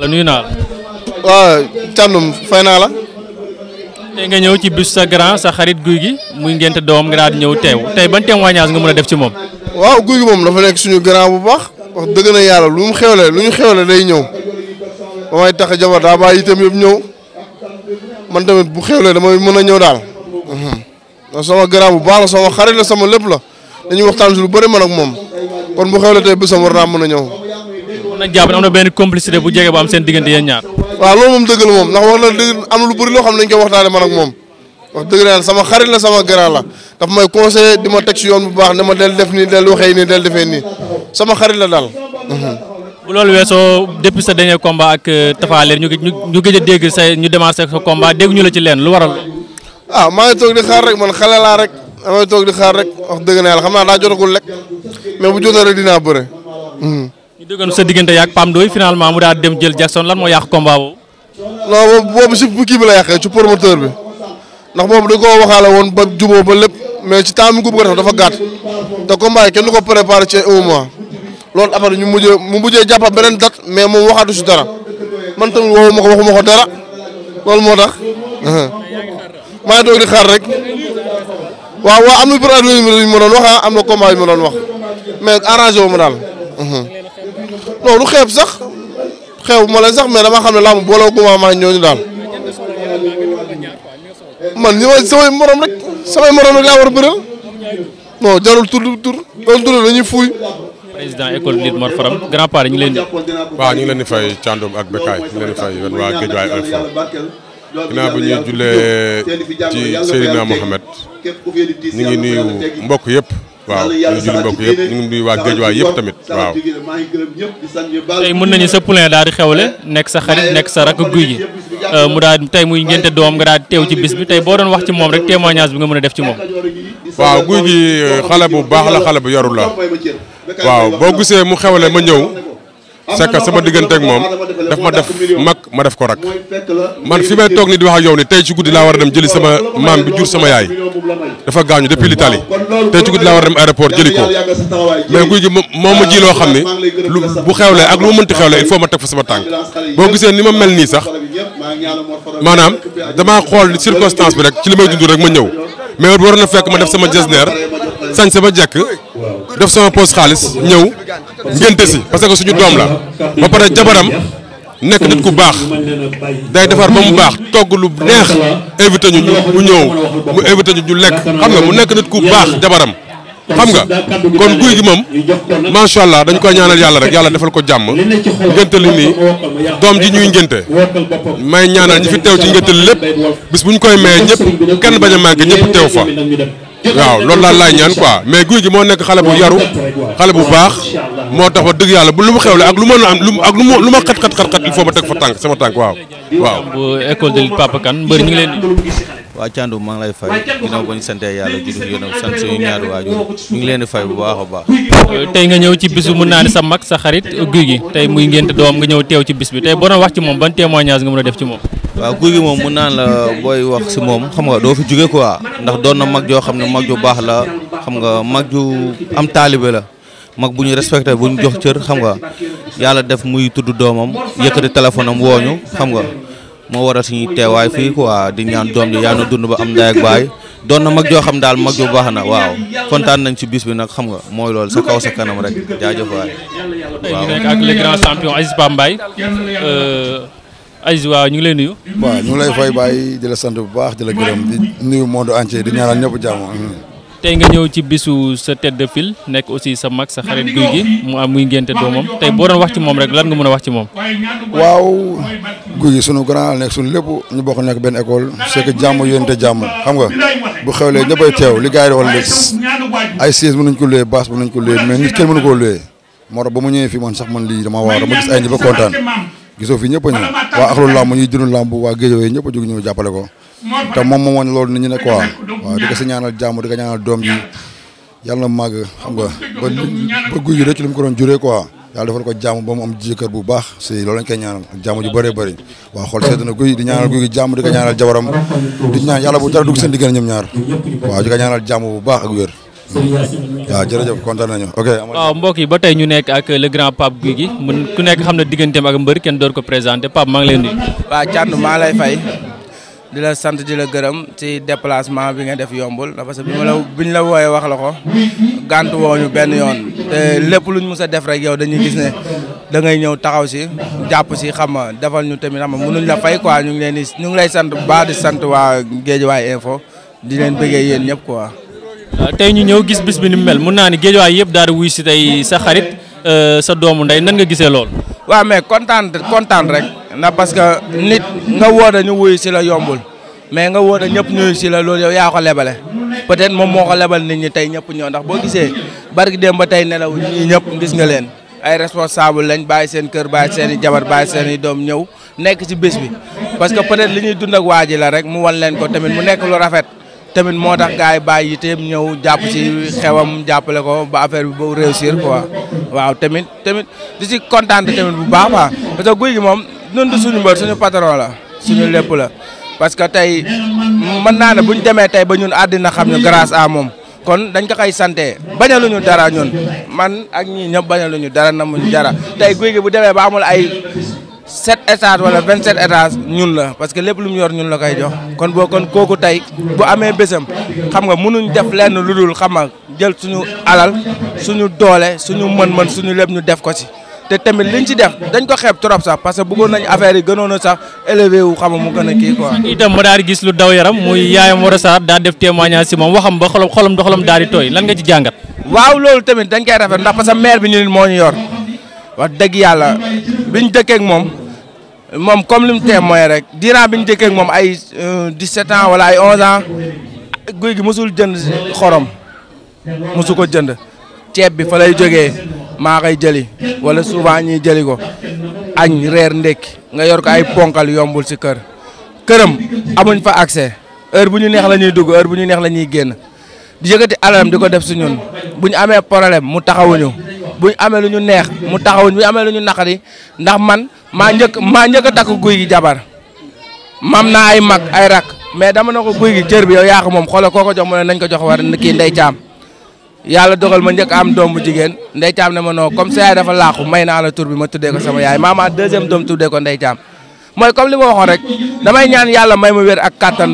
la nuyu naa la. waaw Thiandoum fay naa la. tey nga ñëw ci bis sa grand sa xarit guy gi muy ngénte doom nga daal ñëw teew tey ban témoignage def ci moom. waaw guy gi moom dafa nekk suñu grand bu baax wax dëgg na yàlla lu mu xewle lu ñu xewle day ñëw ba may tax jabar daa bàyyi itam yëpp ñëw man tamit bu xewle damay mën a ñëw daal. Mhm. ndax sama grand bu baax la sama xarit la sama lépp la dañuy waxtaan si lu bëri man ak moom kon bu xewle tey bésam war naa mën a ñëw. nag jàpp am na benn complicité bu jege bu am seen diggante yéen ñaar. waaw loolu moom dëgg la moom ndax wax na dëgg lu bëri loo xam ne dañu koy waxtaanee man ak moom bu baax ne ma del def nii del waxee nii del defee sama xarit la daal. Mhm. bu loolu weesoo depuis sa dernier combat ak euh, Tapha Leer ñu ñu gëj a dégg sa ñu démarré sa combat dégg ñu la ci leen lu waral. ah maa ngi toog di xaar rek man xale laa rek maa ngi toog di xaar rek na yàlla xam naa daa jotagul rek mais bu jotee rek dinaa bëre. Mhm. ñu déggoon sa diggante yaag Pam Doy finalement mu daal di dem jël Jackson lan moo yàq combat kii bi la yàqee ci promoteur bi ndax moom da koo waxaale woon ba juboo ba lépp mais ci temps mi ko bëgg dafa gàtt te combat yi kenn ko préparé ci mois loolu après ñu mujjee mu mujjee jàpp beneen date mais moom waxaatu si dara man tamit woowu ma ko waxuma ko dara loolu moo tax maa ngi doog di xaar rek waaw waaw am na pour yu ma doon wax ah, am na combat yu ma wax mais arrangé wu daal. non lu xeeb sax xeebu ma leen sax mais dama xam ne làmb booloo gu ma maa ñooñu daal man ñi ma samay morom rek samay morom rek laa war a bëral non tur tur loolu tur dañuy fuuy. grand part ñu ngi leen di. waaw ñu ngi leen di fay Thiandoum ak Bekaay ñu ngi fay waa Guédiawaye Alpha ginnaaw bi ñuy jullee ci Seydina Mohamed ñu ngi nuyu mbokk yëpp. waaw ñu ngi nuyu waa Géejawaay yëpp tamit waaw tey mën nañu sa poulain daal di xewle eh, nekk sa xarit nekk sa rakk guy yi euh, mu daal tey muy ngénte doom nga daal di teew ci bis bi tey boo doon wax ci moom rek témoignage bi nga mën a def ci moom waaw guy gi euh, xale bu baax la xale bu yaru la waaw boo gisee mu xewle ma ñëw c'est que sama diggante ak moom daf ma def mag ma def ko rak man fi may toog nii di wax ak yow ni tey ci guddi laa war a dem jëli sama maam bi jur sama yaay dafa gaañu depuis l'Italie tey ci guddi laa war a dem aéroport jëli ko mais guy gi moom ma ji loo xam ne lu bu xewlee ak lu ma mënti xewlee il faut ma teg fa sama tànk boo gisee ni ma mel nii sax maanaam damaa xool circonstance bi rek ci li may dund rek ma ñëw mais waroon na fekk ma def sama jesneer sañ sama jekk def sama poos xaalis ñëw ngénte si parce que suñu doom la ba pare jabaram nekk nit ku baax day defar ba mu baax togg lu neex invité ñu mu ñëw mu invité ñu ñu lekk xam nga mu nekk nit ku baax jabaram xam nga kon guy gi moom macha allah dañ koy ñaanal yàlla rek yàlla defal ko jàmm ngénte li nii doom ji ñuy ngénte may ñaanal ñi fi teew ci ngénte li lépp bis bu ñu koy maye ñëpp kenn bañ a teew fa waaw loolu daal laa ñaan quoi mais guy gi moo nekk xale bu yaru xale bu baax moo tax wax dëgg yàlla bu lu mu xewle ak lu mën am ak lu ma lu ma xat xat xat xat il ma teg fa tànk sama tànk waaw. waaw bu école de lutte Papa mbër ñu ngi leen. waa Thiandoum maa ngi lay fay ginnaaw ba ñu sant yàlla jërëjëf yéen a sant suñu ñaari waajur ñu leen fay bu baax a baax. tey nga ñëw ci bis bu mën naa sa mag sa xarit guy gi tey muy ngénte doom nga ñëw teew ci bis bi tey boo wax ci moom ban témoignage nga mën a def ci moom. waa guy gi moom mun naa la booy wax si moom xam nga doo fi jóge quoi ndax doon na mag joo xam ne mag ju baax la xam nga mag ju am taalibe la mag bu ñu respecté bu ñu jox cër xam nga yàlla def muy tudd doomam yëkkati téléphone am wooñu xam nga moo waral suñuy teewaay fii quoi di ñaan doom ji yaa na dund ba am ndaay ak baay doon na mag joo xam daal mag ju baax na waaw kontaan nañ si bis bi nag xam nga mooy loolu sa kaw sa kanam rek jaajo waay. waaw ay waaw ñu ngi lay nuyu. waaw ñu ngi lay fay bàyyi di sant bu baax di la gërëm di nuyu monde entier di ñaanal ñëpp jàmm. tey nga ñëw ci bisu sa tête de file nekk aussi sa mag sa xarit guy gi mu am muy ngénte doomam tey boo doon wax ci moom rek lan nga mën a wax ci moom. waaw guy gi sunu grand nekk sunu lépp ñu bokk nekk benn école c'est que jàmm yónnte jàmm xam nga bu xewlee ñëppay teew li gars yi di wax ay siège mënuñ ko loué bâche mënuñ ko loué mais nit kenn mënu koo moo tax ba mu ñëwee fii man sax man lii dama waaw dama gis nit gisoo fi ñëpp a ñëw waa axlu làmb ñuy jënd làmb waa géej yooyu ñëpp a jóg ñëw jàppale ko te moom moo wane loolu nit ñi ne quoi waaw di ko si ñaanal jàmm di ko ñaanal doom ji yàlla na màgg xam nga ba ba guy gi rek ci li mu ko doon juree quoi yàlla defal ko jàmm ba mu am jëkkër bu baax si loolu lañ koy ñaanal ak jàmm ju bëree bëri waaw xool sedd na guy di ñaanal jàmm di ko ñaanal jabaram di ñaan yàlla bu dara dugg seen diggante ñaar waaw di ko ñaanal jàmm bu baax ak wér waaw jërëjëf kontaan nañu ok. waaw mbokk yi ba tey ñu nekk ak le grand Pape Guy gi mun ku nekk xam na digganteem ak mbër kenn door ko présenté Pape maa ngi leen di. waaw Thierno maa lay fay di la sant di la gërëm ci déplacement bi nga def yombul la que bi ma la bi la wooyee wax la ko gàntu woo ñu benn yoon te lépp lu ñu mës a def rek yow dañuy gis ne da ngay ñëw taxaw si jàpp si xam nga defal ñu tamit xam nga mënuñ la fay quoi ñu ngi leen di ñu ngi lay sant baa di sant waa Guédiawaye info di leen bëggee yéen ñëpp quoi. Euh, tay ñu ñew gis bis bi ni mel mu naani ni ay yëpp daal wuy ci tay sa xarit euh, sa doomu nday nan nga gisee lool. wa mais contente contente rek na parce que nit nga woote ñu wuy ci la yombul mais nga woote ñëpp ñuy ci la lool yow ya ko lebalé peut-être mom moko lebal nit ñi tay ñëpp ñoo ndax bo gisee barki dem ba tay nelaw ñi ñëpp gis nga leen ay responsable lañ bay seen kër bay seen jabar bay seen i doom ñëw nekk ci bis bi parce que peut-être li ñuy dund ak waji la rek mu wan leen ko tamit mu nek lu rafet tamit moo tax gars yi bàyyi yiteem ñëw jàpp ci xewam jàppale ko ba affaire bi ba réussir quoi waaw tamit tamit di si kontaan tamit bu baax quoi parce que guy gi moom ñun du suñu mbër suñu patron la suñu lépp la parce que tey mën naa ne bu demee tey ba ñun àddina xam ñu grâce à moom kon dañ ko koy sante bañaluñu dara ñun man ak ñii ñëpp bañaluñu dara namuñu dara tey guy gi bu demee ba amul ay sept étages wala vingt sept étages ñun la parce que lépp lu mu yor ñun la koy jox kon boo kon kooku tey bu amee bésam xam nga mënuñ def lenn lu dul xam nga jël suñu alal suñu doole suñu mën-mën suñu lépp ñu def ko si te tamit liñ ci def dañ ko xeeb trop sax parce que bëggoon nañ affaire yi gënoon a sax élevé wu xam mu gën a kii quoi. itam ma daal di gis lu daw yaram muy yaayam war a saar daal def témoignage si moom waxam ba xolam xolam do xolam daal di tooy lan nga ci jàngat. waaw loolu tamit dañ koy rafet ndax parce que maire bi bi ñu moom moom comme li mu témoin rek diiran bi ñu dëkkeek moom ay 17 euh, ans wala ay 11 ans guy gi mosul jënd xorom mosu ko jënd ceeb bi fala lay jógee maa koy jëli wala souvent ñuy jëli ko añ reer ndekki nga yor ko ay ponkal yombul si kër këram amuñ fa accès heure bu ñu neex la ñuy dugg heure bu ñu neex la ñuy génn di yëkkati alalam di ko def si ñun bu ñu amee problème mu taxawuñu buñ amee lu ñu neex mu taxawuñ buñ amee lu ñu naqari ndax man maa njëkk maa njëkk a guy gi jabar mam naa ay mag ay rak mais dama na ko guy gi cër bi yow yaa ko moom xoolal koo ko jox mu ne nañ ko jox war kii ndey caam yàlla dogal ma njëkk am doom bu jigéen ndey caam ne ma noo comme sa yaay dafa laaxu may naa la tur bi ma tuddee ko sama yaay maama deuxième doom tuddee ko ndey caam mooy comme li ma waxoon rek damay ñaan yàlla may ma wér ak kàttan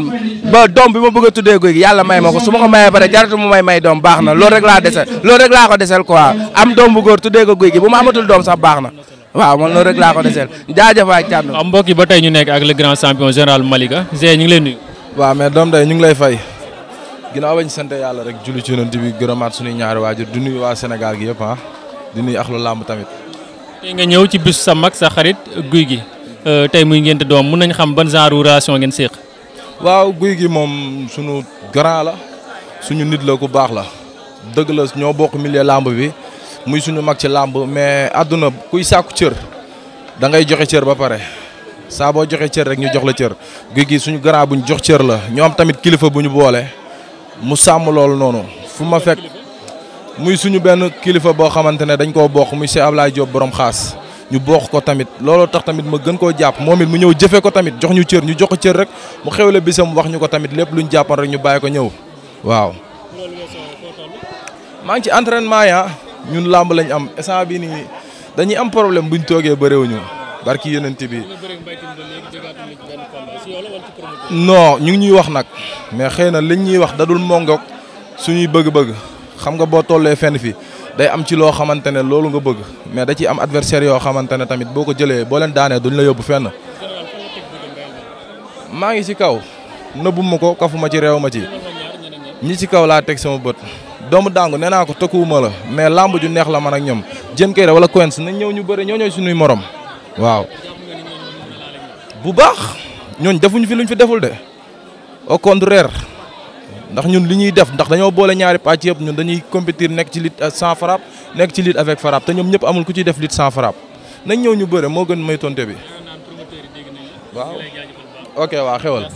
ba doom bi ma bëgg a tuddee guy yàlla may ma ko su ma ko mayee bare jaratu mu may may doom baax na loolu rek laa dese loolu rek laa ko desel quoi am doom bu tuddee ko guy gi bu ma amatul doom sax baax na waaw man loolu rek laa ko desel jaajëf waay càmm. waaw ba tey ñu nekk ak le grand champion général Malika ngi lay nuyu. waaw mais ñu ngi lay fay ginnaaw bañ sant yàlla rek julli ci yonent bi gërëmaat suñuy ñaari waajur di nuyu waa Sénégal gi yëpp ah di nuyu axlu làmb tamit. tey nga ñëw ci bis sa mag sa xarit guy gi Euh, tey muy ngénte doom mun nañu xam ban genre relation ngeen séq. waaw guy gi moom suñu grand la suñu nit la ku baax la dëgg la ñoo bokk milieu làmb bi muy suñu mag ci làmb mais àdduna kuy sàkku cër da ngay joxe cër ba pare saaboo joxe cër rek ñu jox la cër guy gi suñu bu ñu jox cër la ñoo am tamit kilifa bu ñu boole mu sàmm loolu noonu fu ma fekk muy suñu benn kilifa boo xamante ne dañ koo bokk muy Cheikh Ablaye Diop boroom xaas. ñu bokk ko tamit looloo tax tamit ma gën koo jàpp moom it mu ñëw jëfe ko tamit jox ñu cër ñu jox ko cër rek mu xewle bisam wax ñu ko tamit lépp luñ jàppoon rek ñu bàyyi ko ñëw waaw. maa ngi ci entraînement ya ñun làmb lañ am instant bi nii dañuy am problème buñ toogee bëriwuñu barki yonent bi non ñu ngi ñuy wax nag mais xëy na liñ ñuy wax dadul mongoog suñuy bëgg-bëgg xam nga boo tollee fenn fi day am ci loo xamante ne loolu nga bëgg mais da ciy am adversaire yoo xamante ne tamit boo ko jëlee boo leen daanee duñ la yóbbu fenn. maa ngi ci kaw nëbbu ma ko kafuma ci réew ma ci ñi ci kaw laa teg sama bët doomu dàngu nee naa ko tëkkuwuma la mais làmb uneex la man ak ñoom jën kay wala coins nañ ñëw ñu bëre ñoo ñooy suñuy morom waaw. bu baax ñooñ defuñu fi luñ fi deful de au ndax ñun li ñuy def ndax dañoo boole ñaari pàcc yëpp ñun dañuy compétir nekk ci lutte sans frappe nekk ci lutte avec frappe te ñoom ñëpp amul ku ciy def lutte sans frappe nañ ñëw ñu bëre moo gën may tonte bi waaw ok waaw xewal